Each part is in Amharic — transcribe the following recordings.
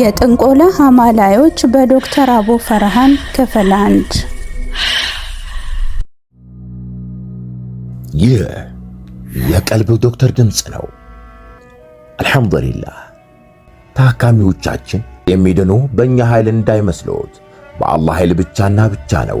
የጥንቆላ አማላዮች በዶክተር አቡ ፈርሃን ክፍል አንድ። ይህ የቀልብ ዶክተር ድምፅ ነው። አልሐምዱሊላህ። ታካሚዎቻችን የሚድኑ በእኛ ኃይል እንዳይመስሎት፣ በአላህ ኃይል ብቻና ብቻ ነው።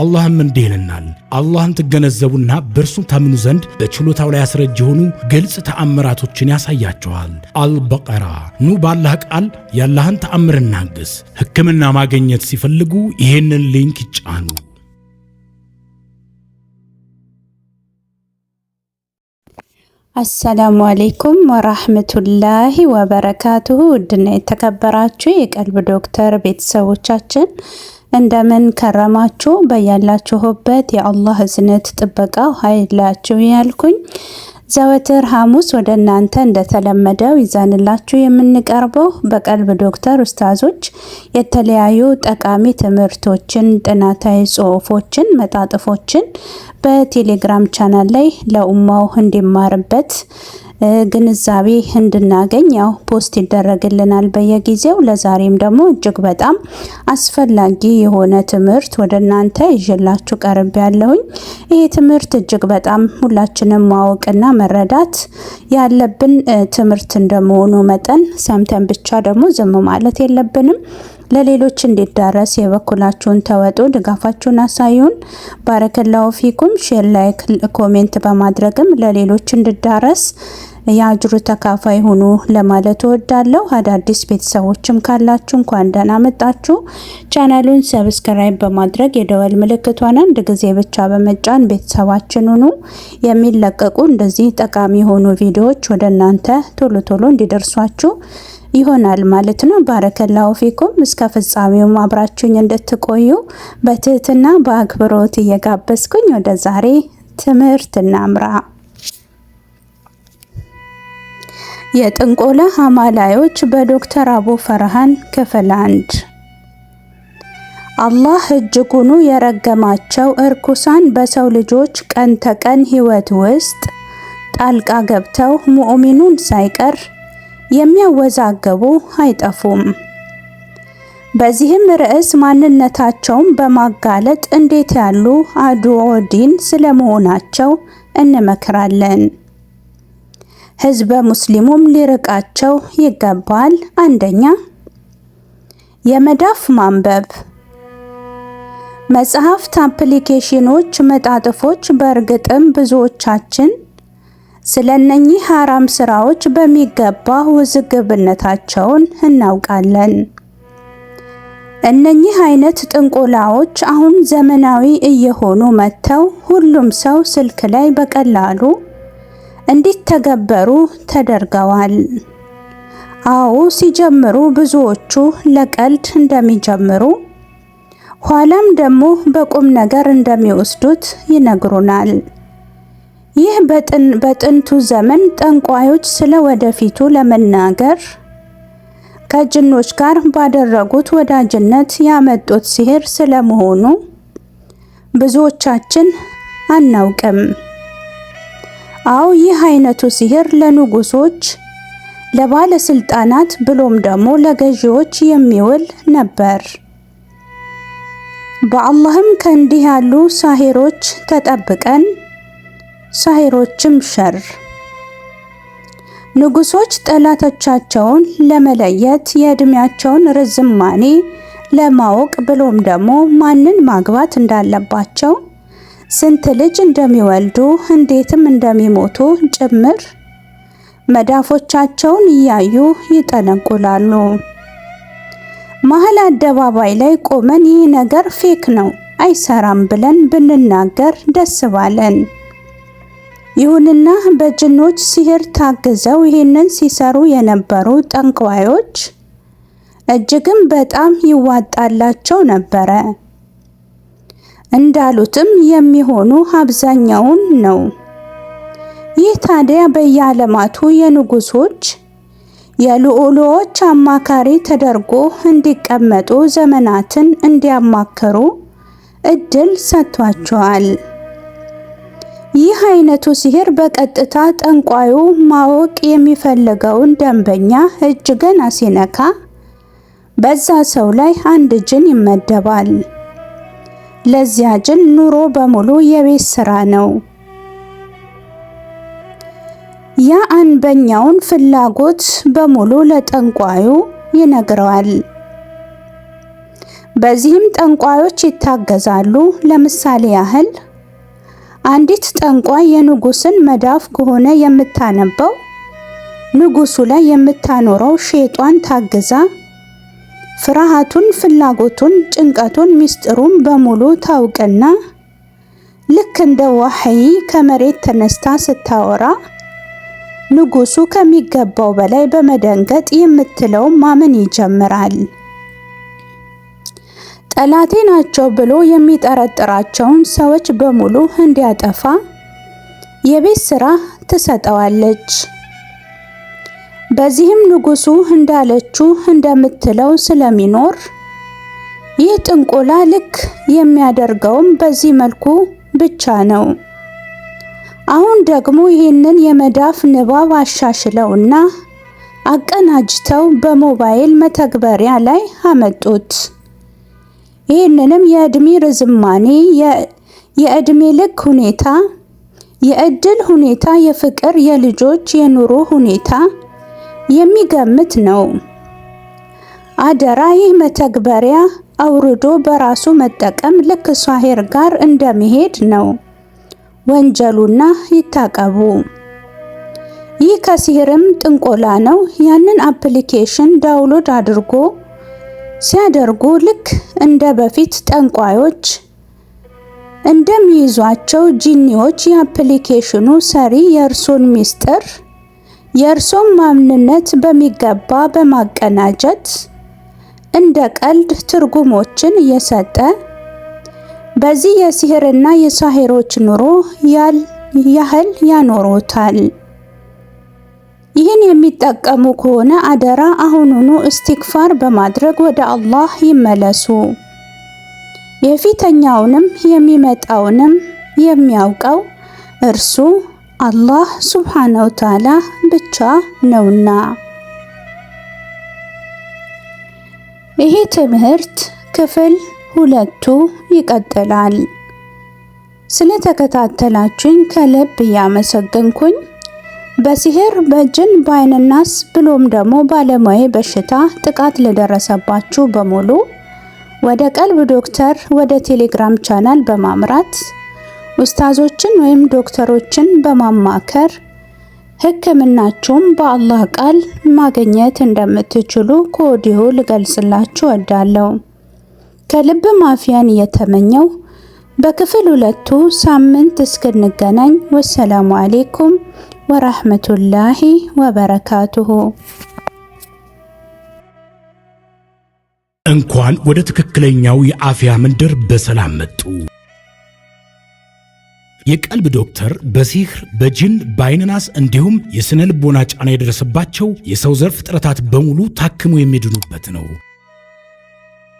አላህም እንዲህ ይልናል፣ አላህን ትገነዘቡና በእርሱ ታምኑ ዘንድ በችሎታው ላይ ያስረጅ የሆኑ ግልጽ ተአምራቶችን ያሳያቸዋል። አልበቀራ ኑ ባላህ ቃል ያላህን ተአምር እናግስ። ሕክምና ማግኘት ሲፈልጉ ይህንን ሊንክ ይጫኑ። አሰላሙ አሌይኩም ወራህመቱላሂ ወበረካቱሁ። ውድና የተከበራችሁ የቀልብ ዶክተር ቤተሰቦቻችን እንደምን ከረማችሁ? በያላችሁበት የአላህ እዝነት ጥበቃው ሀይላችሁ ያልኩኝ ዘወትር ሐሙስ ወደ እናንተ እንደተለመደው ይዘንላችሁ የምንቀርበው በቀልብ ዶክተር ኡስታዞች የተለያዩ ጠቃሚ ትምህርቶችን፣ ጥናታዊ ጽሁፎችን፣ መጣጥፎችን በቴሌግራም ቻናል ላይ ለኡማው እንዲማርበት ግንዛቤ እንድናገኝ ያው ፖስት ይደረግልናል በየጊዜው። ለዛሬም ደግሞ እጅግ በጣም አስፈላጊ የሆነ ትምህርት ወደ እናንተ ይዤላችሁ ቀርብ ያለሁኝ። ይሄ ትምህርት እጅግ በጣም ሁላችንም ማወቅና መረዳት ያለብን ትምህርት እንደመሆኑ መጠን ሰምተን ብቻ ደግሞ ዝም ማለት የለብንም። ለሌሎች እንዲዳረስ የበኩላችሁን ተወጡ፣ ድጋፋችሁን አሳዩን። ባረከላሁ ፊኩም ሼር፣ ላይክ፣ ኮሜንት በማድረግም ለሌሎች እንዲዳረስ የአጅሩ ተካፋይ ሁኑ ለማለት እወዳለሁ። አዳዲስ ቤተሰቦችም ካላችሁ እንኳን ደህና መጣችሁ። ቻናሉን ሰብስክራይብ በማድረግ የደወል ምልክቷን አንድ ጊዜ ብቻ በመጫን ቤተሰባችን ሁኑ። የሚለቀቁ እንደዚህ ጠቃሚ የሆኑ ቪዲዮዎች ወደ እናንተ ቶሎ ቶሎ እንዲደርሷችሁ ይሆናል ማለት ነው። ባረከላሁ ፊኩም እስከ ፍጻሜው አብራችሁኝ እንድትቆዩ በትህትና በአክብሮት እየጋበዝኩኝ ወደ ዛሬ ትምህርት እናምራ። የጥንቆላ አማላዮች በዶክተር አቡ ፈርሃን ክፍል አንድ። አላህ እጅጉኑ የረገማቸው እርኩሳን በሰው ልጆች ቀን ተቀን ህይወት ውስጥ ጣልቃ ገብተው ሙእሚኑን ሳይቀር የሚያወዛገቡ አይጠፉም። በዚህም ርዕስ ማንነታቸውን በማጋለጥ እንዴት ያሉ አድዖ ዲን ስለመሆናቸው እንመክራለን። ህዝበ ሙስሊሙም ሊርቃቸው ይገባል። አንደኛ የመዳፍ ማንበብ መጽሐፍት፣ አፕሊኬሽኖች፣ መጣጥፎች በእርግጥም ብዙዎቻችን ስለነኚህ ሐራም ስራዎች በሚገባ ውዝግብነታቸውን እናውቃለን። እነኚህ አይነት ጥንቆላዎች አሁን ዘመናዊ እየሆኑ መጥተው ሁሉም ሰው ስልክ ላይ በቀላሉ እንዲተገበሩ ተደርገዋል። አዎ ሲጀምሩ ብዙዎቹ ለቀልድ እንደሚጀምሩ ኋላም ደግሞ በቁም ነገር እንደሚወስዱት ይነግሩናል። ይህ በጥንቱ ዘመን ጠንቋዮች ስለ ወደፊቱ ለመናገር ከጅኖች ጋር ባደረጉት ወዳጅነት ያመጡት ሲህር ስለመሆኑ ብዙዎቻችን አናውቅም። አዎ ይህ አይነቱ ሲህር ለንጉሶች፣ ለባለስልጣናት ብሎም ደግሞ ለገዢዎች የሚውል ነበር። በአላህም ከእንዲህ ያሉ ሳሂሮች ተጠብቀን። ሳሂሮችም ሸር ንጉሶች ጠላቶቻቸውን ለመለየት የእድሜያቸውን ርዝማኔ ለማወቅ ብሎም ደግሞ ማንን ማግባት እንዳለባቸው ስንት ልጅ እንደሚወልዱ እንዴትም እንደሚሞቱ ጭምር መዳፎቻቸውን እያዩ ይጠነቁላሉ። መሀል አደባባይ ላይ ቆመን ይህ ነገር ፌክ ነው አይሰራም ብለን ብንናገር ደስ ባለን። ይሁንና በጅኖች ሲህር ታግዘው ይህንን ሲሰሩ የነበሩ ጠንቋዮች እጅግም በጣም ይዋጣላቸው ነበረ። እንዳሉትም የሚሆኑ አብዛኛውን ነው። ይህ ታዲያ በየዓለማቱ የንጉሶች የልዑሎች አማካሪ ተደርጎ እንዲቀመጡ ዘመናትን እንዲያማክሩ እድል ሰጥቷቸዋል። ይህ አይነቱ ሲህር በቀጥታ ጠንቋዩ ማወቅ የሚፈልገውን ደንበኛ እጅ ገና ሲነካ በዛ ሰው ላይ አንድ ጅን ይመደባል። ለዚያ ጅል ኑሮ በሙሉ የቤት ስራ ነው። ያ አንበኛውን ፍላጎት በሙሉ ለጠንቋዩ ይነግረዋል። በዚህም ጠንቋዮች ይታገዛሉ። ለምሳሌ ያህል አንዲት ጠንቋይ የንጉስን መዳፍ ከሆነ የምታነበው ንጉሱ ላይ የምታኖረው ሼጧን ታግዛ ፍርሃቱን፣ ፍላጎቱን፣ ጭንቀቱን፣ ሚስጥሩን በሙሉ ታውቅና ልክ እንደ ዋህይ ከመሬት ተነስታ ስታወራ ንጉሱ ከሚገባው በላይ በመደንገጥ የምትለው ማመን ይጀምራል። ጠላቴ ናቸው ብሎ የሚጠረጥራቸውን ሰዎች በሙሉ እንዲያጠፋ የቤት ስራ ትሰጠዋለች። በዚህም ንጉሱ እንዳለችው እንደምትለው ስለሚኖር ይህ ጥንቆላ ልክ የሚያደርገውም በዚህ መልኩ ብቻ ነው። አሁን ደግሞ ይህንን የመዳፍ ንባብ አሻሽለውና አቀናጅተው በሞባይል መተግበሪያ ላይ አመጡት። ይህንንም የእድሜ ርዝማኔ፣ የእድሜ ልክ ሁኔታ፣ የእድል ሁኔታ፣ የፍቅር፣ የልጆች፣ የኑሮ ሁኔታ የሚገምት ነው። አደራ ይህ መተግበሪያ አውርዶ በራሱ መጠቀም ልክ ሷሂር ጋር እንደሚሄድ ነው። ወንጀሉና ይታቀቡ። ይህ ከሲህርም ጥንቆላ ነው። ያንን አፕሊኬሽን ዳውንሎድ አድርጎ ሲያደርጉ ልክ እንደ በፊት ጠንቋዮች እንደሚይዟቸው ጂኒዎች የአፕሊኬሽኑ ሰሪ የእርሶን ሚስጥር የእርሶም ማንነት በሚገባ በማቀናጀት እንደ ቀልድ ትርጉሞችን እየሰጠ በዚህ የሲህርና የሳሄሮች ኑሮ ያህል ያኖሮታል። ይህን የሚጠቀሙ ከሆነ አደራ አሁኑኑ እስቲክፋር በማድረግ ወደ አላህ ይመለሱ። የፊተኛውንም የሚመጣውንም የሚያውቀው እርሱ አላህ ሱብሓነ ወተዓላ ብቻ ነውና። ይሄ ትምህርት ክፍል ሁለቱ ይቀጥላል። ስለተከታተላችሁኝ ከልብ እያመሰገንኩኝ በሲህር በጅን በአይንናስ ብሎም ደግሞ ባለሙያ በሽታ ጥቃት ለደረሰባችሁ በሙሉ ወደ ቀልብ ዶክተር ወደ ቴሌግራም ቻናል በማምራት ኡስታዞችን ወይም ዶክተሮችን በማማከር ሕክምናችሁም በአላህ ቃል ማግኘት እንደምትችሉ ከወዲሁ ልገልጽላችሁ እወዳለሁ። ከልብ ማፊያን እየተመኘው በክፍል ሁለቱ ሳምንት እስክንገናኝ ወሰላሙ አሌይኩም ወራህመቱላሂ ወበረካቱሁ። እንኳን ወደ ትክክለኛው የአፍያ መንደር በሰላም መጡ። የቀልብ ዶክተር በሲህር በጅን በአይንናስ እንዲሁም የስነ ልቦና ጫና የደረሰባቸው የሰው ዘር ፍጥረታት በሙሉ ታክሞ የሚድኑበት ነው።